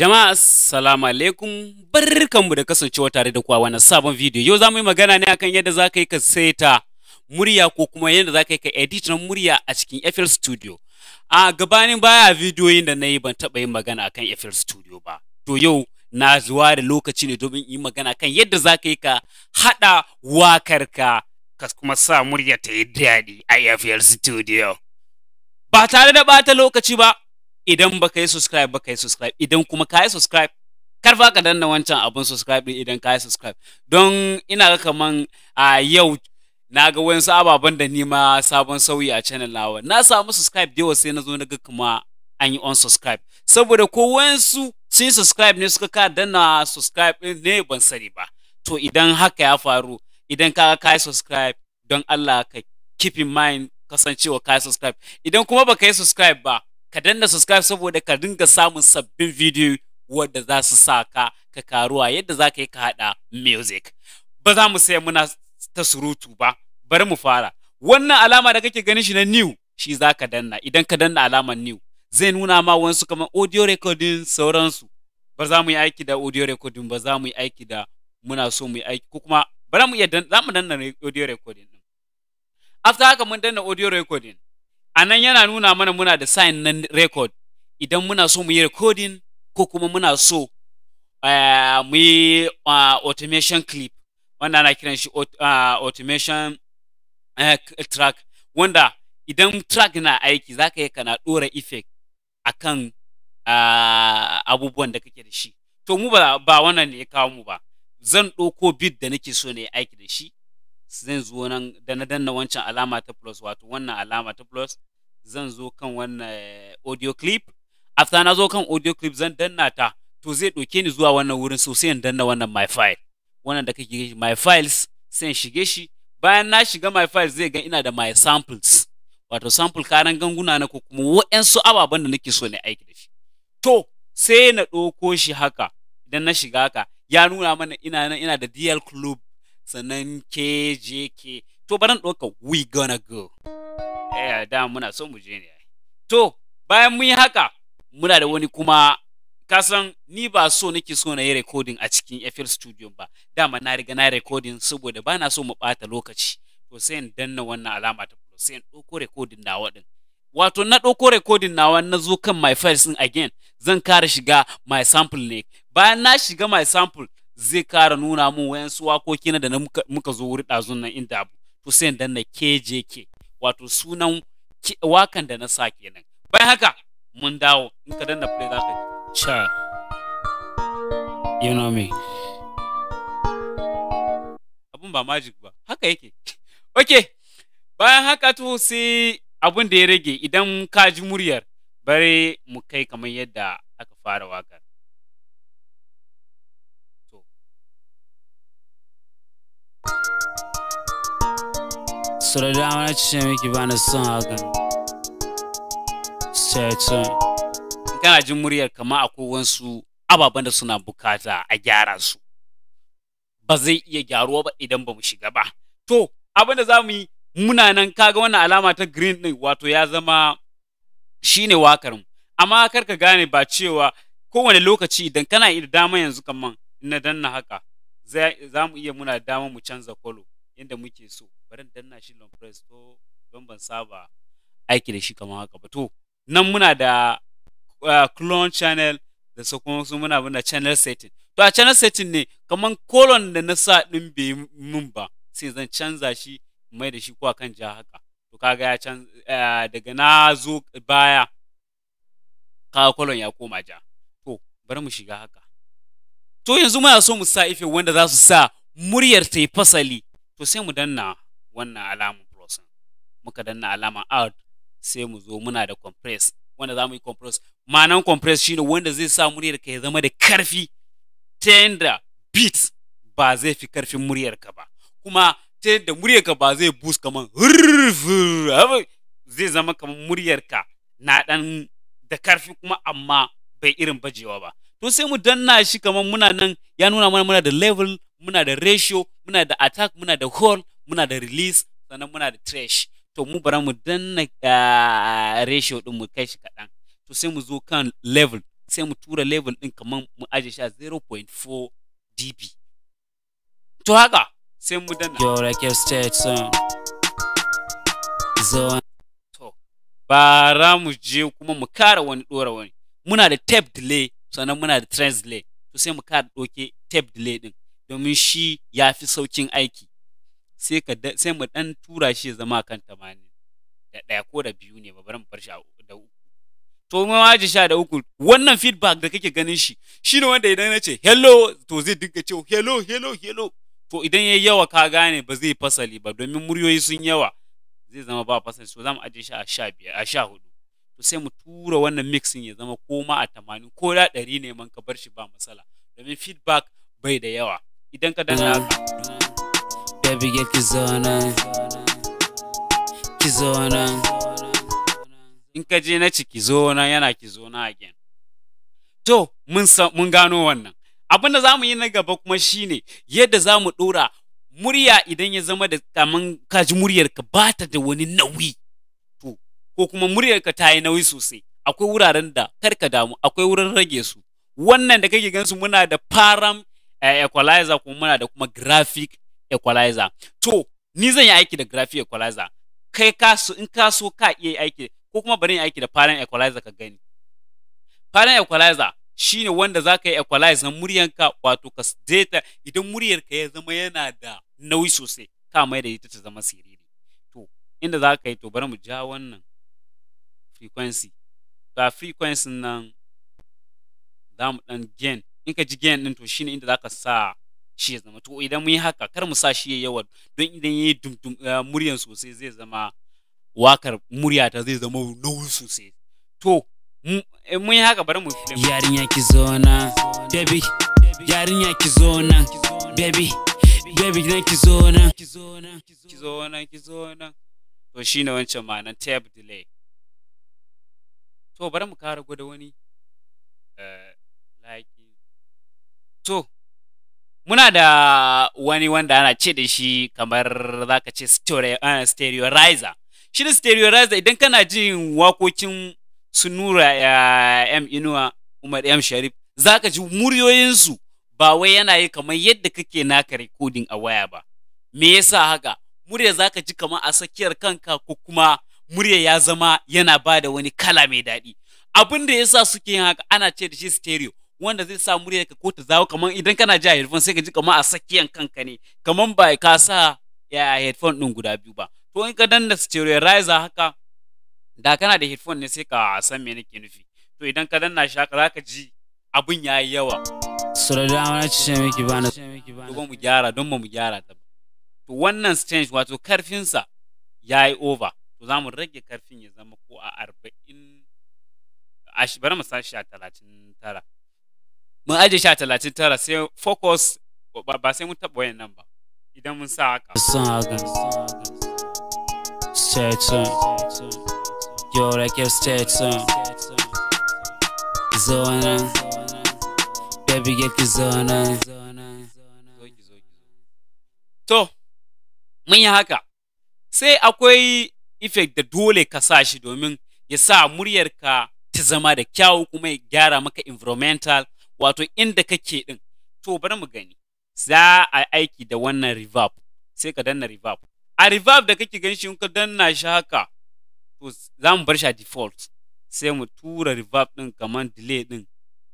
Jama'a assalamu alaikum barkanmu da kasancewa tare da kuwa wannan sabon video yau zamu yi magana ne akan yadda za ka yi ka saita murya ko kuma yadda za ka yi ka edit na murya a cikin FL Studio a gabanin baya bidiyoyin da na yi ban taɓa yin magana akan FL Studio ba to yau na zuwa da lokaci ne domin yi magana kan yadda za ka yi ka haɗa wakarka ka kuma sa murya ta yi daɗi a FL Studio ba tare da bata lokaci ba idan baka yi subscribe baka yi subscribe idan kuma ka yi subscribe kar fa ka danna wancan abun subscribe din idan ka yi subscribe don ina ga kaman a yau na ga wayansu ababen da ni ma sabon sauyi a channel nawa na samu subscribe da sai na zo na ga kuma an yi unsubscribe saboda ko wayansu sun subscribe ne suka ka danna subscribe ne ban sani ba to idan haka ya faru idan ka ka subscribe don Allah ka keep in mind kasancewa ka subscribe idan kuma baka yi subscribe ba ka danna subscribe saboda ka dinga samun sabbin video wadda za su sa ka ka karuwa yadda za ka yi ka haɗa music ba za mu sai muna ta surutu ba bari mu fara wannan alama da kake ganin shi na new shi za ka danna idan ka danna alamar new zai nuna ma wasu kamar audio recording sauransu ba za mu yi aiki da audio recording ba za mu yi aiki da muna so mu yi aiki ko kuma bari mu iya za mu danna audio recording after haka mun danna audio recording a nan yana nuna mana muna da sign na record idan muna so mu yi recording ko kuma muna so uh, eh, mu yi uh, ah, automation clip wanda ana kiran shi ah, automation eh, track wanda idan track na aiki za ka yi kana ɗora effect a kan ah, abubuwan da kake da shi to mu ba wannan ne ya kawo mu ba zan ɗauko bit da nake so na yi aiki da shi zan zo nan da na danna wancan alama ta plus wato wannan alama ta plus zan zo kan wannan eh, audio clip after na zo kan audio clip zan danna ta to zai ɗauke ni zuwa wannan wurin so sai in danna wannan my file wannan da kake my files sai shige shi bayan na shiga my files zai ga ina da my samples wato sample karan ganguna na ko kuma waɗansu ababen da nake so na aiki da shi to sai na ɗauko shi haka idan na shiga haka ya nuna mana ina ina da DL Club sannan ke je ke to baran ɗauka we gonna go eh da muna so mu je ne to bayan mun yi haka muna da wani kuma kasan ni ba so nake so na yi recording a cikin FL studio ba dama na riga na recording saboda ba na so mu bata lokaci to sai in danna wannan alama ta plus sai in ɗauko recording nawa ɗin wato na ɗauko recording nawa na zo kan my files ɗin again zan kare shiga my sample ne bayan na shiga my sample zai kara nuna mun wayansu wakoki na da na muka zo wuri ɗazun nan inda abu to sai dan na KJK wato sunan wakan da na sa kenan bayan haka mun dawo in ka danna play zaka cha you know me abun ba magic ba haka yake okay bayan haka to sai abun da ya rage idan ka ji muryar bare mu kai kamar yadda aka fara wakar So da dama na son kana jin muryar kama akwai su ababen da suna bukata a gyara su. Ba zai iya gyaruwa ba idan ba mu shiga ba. To, abin da za mu yi muna nan kaga wannan alama ta green ɗin wato ya zama shine wakar mu. Amma kar ka gane ba cewa kowane lokaci idan kana da dama yanzu kaman na danna haka za mu iya muna dama mu canza kwalo yadda muke so bari danna shi long press to don ban saba aiki da shi kamar haka ba to nan muna da ah, clone channel da su kuma su muna muna channel setting to a channel setting ne kamar colon da na sa din bai mun ba sai zan canza shi mai da shi ko kan ja haka to kaga ya can ah, daga na zo baya ka kolon ya koma ja to bari mu shiga haka to yanzu muna so mu sa ife wanda za su sa muryar ta yi fasali to sai mu danna wannan alamun plus muka danna alaman out sai mu zo muna da compress wanda za mu yi compress ma'anan compress shine wanda zai sa muryar ka ya zama da karfi ta yanda beat ba zai fi karfin muryar ka ba kuma ta yadda muryar ka ba zai boost kaman zai zama kaman muryar ka na dan da karfi kuma amma bai irin bajewa ba to sai mu danna shi kamar muna nan ya nuna mana muna da level muna da ratio muna da attack muna da hold muna da release sannan muna da trash to mu bara mu danna ah, ratio din mu kai shi kaɗan to sai mu zo kan level sai mu tura level din kamar mu aje shi a 0.4 db to haka sai mu danna bara mu je kuma mu kara wani ɗora wani muna da tape delay sannan muna da trans delay to sai mu kada doke tape delay ɗin domin shi ya fi saukin aiki sai mu ɗan tura shi ya zama kan tamani da ɗaya ko da biyu ne ba bari mu bar shi da uku to mu ji sha da uku wannan feedback da kake ganin shi shine wanda idan na ce hello to zai dinga ce hello hello hello to idan yayi yawa ka gane ba zai fasali ba domin muryoyi sun yawa zai zama ba fasali so zamu aje shi a sha a sha hudu to sai mu tura wannan mixing ya zama koma a tamanin ko da ɗari ne man ka bar shi ba matsala domin feedback bai da yawa idan ka dana baby get ki zauna ki zauna in ka je na ci ki zauna yana ki zauna again to mun mun gano wannan abin da za yi na gaba kuma shine yadda zamu mu ɗora murya idan ya zama da kaman kaji muryar ka bata da wani nauyi ko kuma muryarka ta yi nauyi sosai akwai wuraren da karka damu akwai wurin rage su wannan da kake gansu muna da param eh, equalizer kuma muna da kuma graphic equalizer to ni zan yi aiki da graphic equalizer kai ka so in ka so ka iya aiki ko kuma bari yi aiki da param equalizer ka gani param equalizer shine wanda za ka yi equalize na muryanka wato ka data idan muryarka ya zama yana da nauyi sosai ka mai da ita ta zama siriri to inda za ka yi to bari mu ja wannan frequency to a frequency nan za mu ɗan gain in ka ji gain ɗin to shine inda za ka sa shi ya zama to idan mun yi haka kar mu sa shi ya yawa don idan ya yi dumdum eh, muryan sosai zai zama wakar murya ta zai zama nauyi sosai to eh, mun yi haka bari mu yarin yarinya ki zona baby baby yarinya ki zona baby baby na ki ki zona ki zona ki zona to shine wancan ma'anar tape delay to bari mu kara gwada wani eh, like to muna da wani wanda ana ce da shi kamar zaka ce stereorizer eh, shi da stereorizer idan kana jin wakokin su nura eh, m inuwa umar m sharif zaka ji muryoyinsu ba wai yana yi kamar yadda kake naka recording a waya ba me yasa haka murya zaka ji kamar a tsakiyar kanka ko kuma murya ya zama yana ba da wani kala mai daɗi abin da yasa suke yin haka ana ce da shi stereo wanda zai sa murya ka ko ta zawo kamar idan kana ji a headphone sai ka ji kamar a sakiyan kanka ne kamar ba ka sa ya headphone din guda biyu ba to in ka danna stereo riser haka da kana da headphone ne sai ka san me nake nufi to idan ka danna shi haka zaka ji abin yayi yawa sura da wani ce miki ba na dogon mu gyara don mu gyara ta to wannan strange wato karfin sa yayi over to za mu rage karfin ya zama ko a arba'in bari mu sa shi a talatin tara mun aje shi a talatin tara sai focus ba sai mun taɓa wayan nan ba idan mun sa haka Stay haka stetson yau rake stetson. Zona. Baby, get the zona. To, mun yi haka. Sai akwai effect da dole ka sa shi domin ya sa muryarka ta zama da kyawu kuma ya gyara maka environmental wato inda kake din to bari mu gani za a aiki da wannan reverb sai ka danna reverb a reverb da kake gan shi in ka danna shi haka to za mu bar shi a default sai mu tura reverb din kamar delay din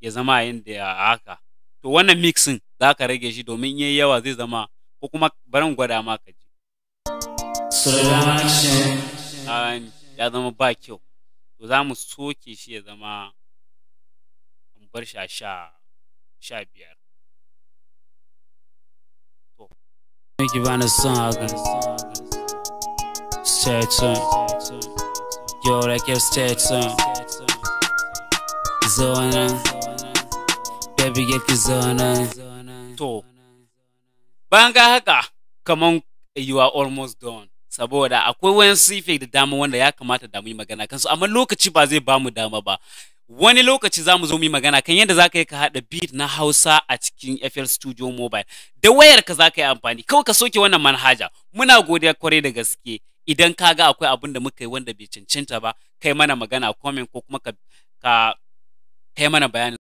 ya zama yadda haka to wannan mixin za ka rage shi domin yayi yawa zai zama ko kuma barin gwada ma ka ji. ya zama ba kyau to za mu soke shi ya zama mu bar shi a sha sha biyar to eu bani son haka stay tuned yo like stay tuned zona baby get the zona to bayan ga haka kaman you are almost done saboda akwai wayan sife da dama wanda ya kamata da mu yi magana kansu amma lokaci ba zai bamu dama ba wani lokaci za mu zo mu yi magana kan yadda za ka yi ka haɗa beat na hausa a cikin fl studio mobile da wayar ka za ka yi amfani kawai ka soke wannan manhaja muna godiya kwarai da gaske idan ka ga akwai abin da muka yi wanda bai cancanta ba kai mana magana comment ko kuma ka kai mana bayani